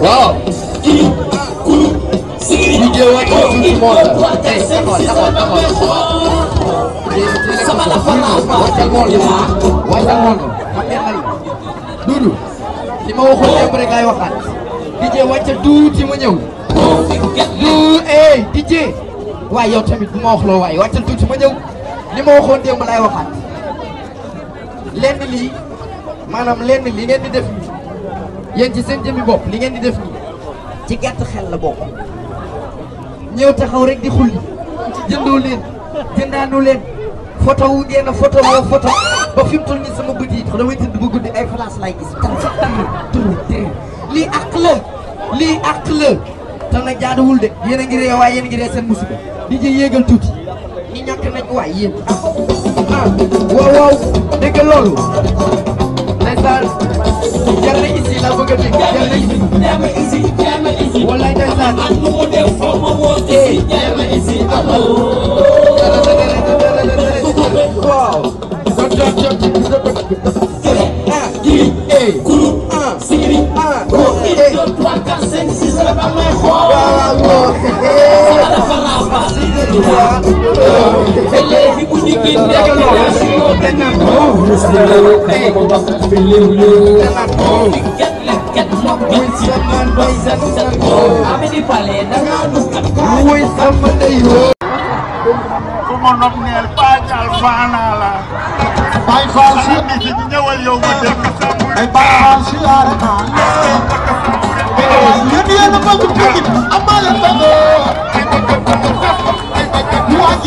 waaw. kii kulu. sigiri ñu jéem a kii tout le monde. tey taxawal taxawal la forma. Dudu. li ma waxoon lépp rek laay waxaat. DJ wàcce ma ñëw. du tamit bu ma wax loo waaye wàccal tuuti li ma waxaat. lenn lii maanaam lenn li ngeen def. yéen ci seen jëmmi bopp li ngeen di def nii ci gàtt xel la bokk ñëw taxaw rek di xulli jëndoo leen jëndaanu leen foto wu ngeen a photo woo photo ba fi mu toll sama bët yi damay tëdd ba guddi ay place lay gis tan sa tan tur tee lii àq la lii àq la te nag jaaduwul de yéen a ngi ree waaye yéen a ngi ree seen musiba di jë yéegal tuuti ñi ñàkk nañ waay yéen ah waaw waaw dégg loolu ndeysaan la bëgg a dig jéem a isi jéem a isi walaay day laaj man mu ko def foo ma woo isi jéem a isi allo waaw Amale Fado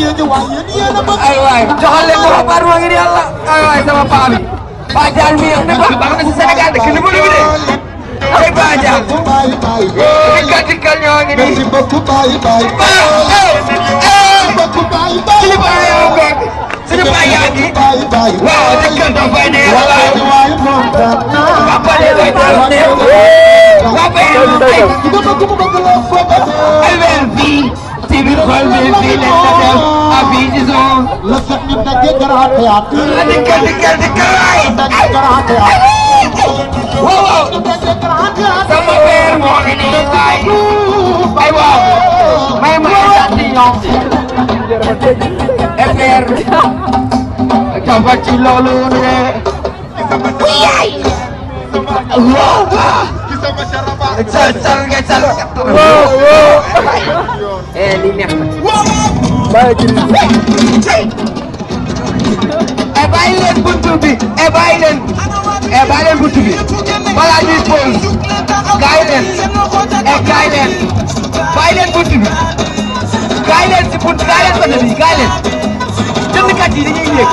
géej waay yéen yéen a bëgg. ay waay joxal leen sama baat maa ngi nii yàlla ay waay sama paa bi. Ba Diagne mii wax dëgg baax na si Sénégal dëkk ni mu lu de. ay Ba Diagne. dikkal dikkal ñoo ngi nii. suñu baay yaa ngi ko. suñu baay yaa ngi. waaw dikkal doo koy ne yàlla. papa de looy taal ne. papa yi ñu ay. ay weer fii. ci biir xol bi fii leen बि ॾिसो लक्ष्मी टके करा हथियार निकल निकल निकल आई टके करा हथियार वो टके करा हथियार सब पैर मोगनी आई भाई वो मैं मैं जाती हूं ए पैर कब चिलो लूने आई चल चल चल वो वो ए ली next bàyyi kii e bàyyi leen buntu bi e bàyyi leen e bàyyi leen buntu bi balaa ñuy pause gaay leen e gaay leen bàyyi leen buntu bi gaay leen si buntu gaay leen bëgg bi gaay leen jëndkat yi dañuy yëg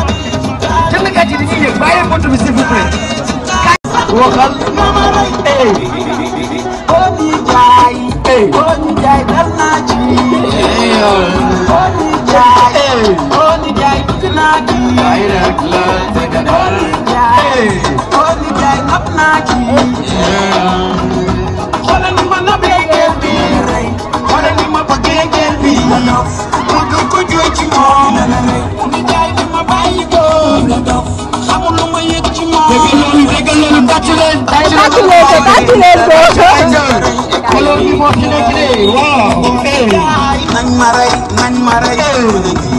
jëndkat yi dañuy yëg bàyyi leen buntu bi s'il vous plaît waxal xam naa ci xoolal ni ma nabee gel bi xoolal ni ma bëggee gel bi ma du ko jooy ci moom ni jaay bi ma bàyyi ko xamul lu ma yëg ci moom dégg loolu dégg loolu tàcc leen tàcc leen ko tàcc leen ko xoolal ni moo ki nekk de waaw nañ ma rey nañ ma rey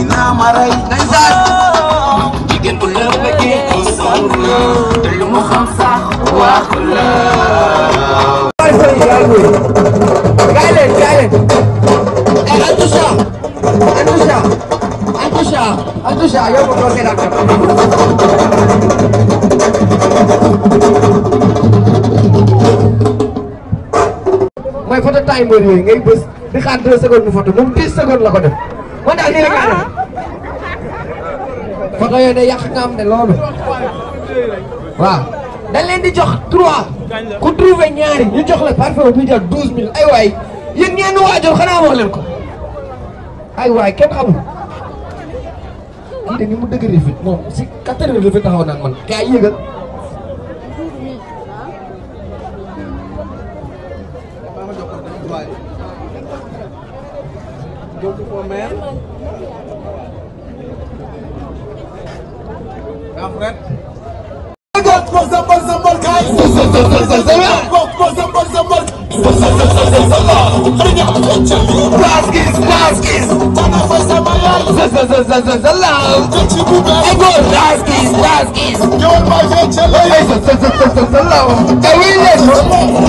ay mbër yooyu ngay bës di xaar 2 secondes ñu photo moom 10 secondes la ko def moo tax nii rek laa def photo yooyu day yàq nga ne loolu waaw dañ leen di jox 3 ku trouvé ñaari ñu jox la parfum bu jar 12000 ay waay yéen ñeen waajal xanaa wax leen ko ay waay kenn xamul kii de ni mu dëgg rëfit moom si 4 heures rëfit taxaw naan man kaa yéegal waay jóg ko meer am ret got ko sambal sambal kaay got ko sambal sambal sambal sambal sambal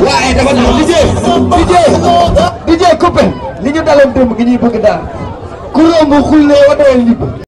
waaye dama naan liggéey liggéey liggéey coupé li ñu daloon démb gi ñuy bëgg daal ku romb xul ne wa dawal libre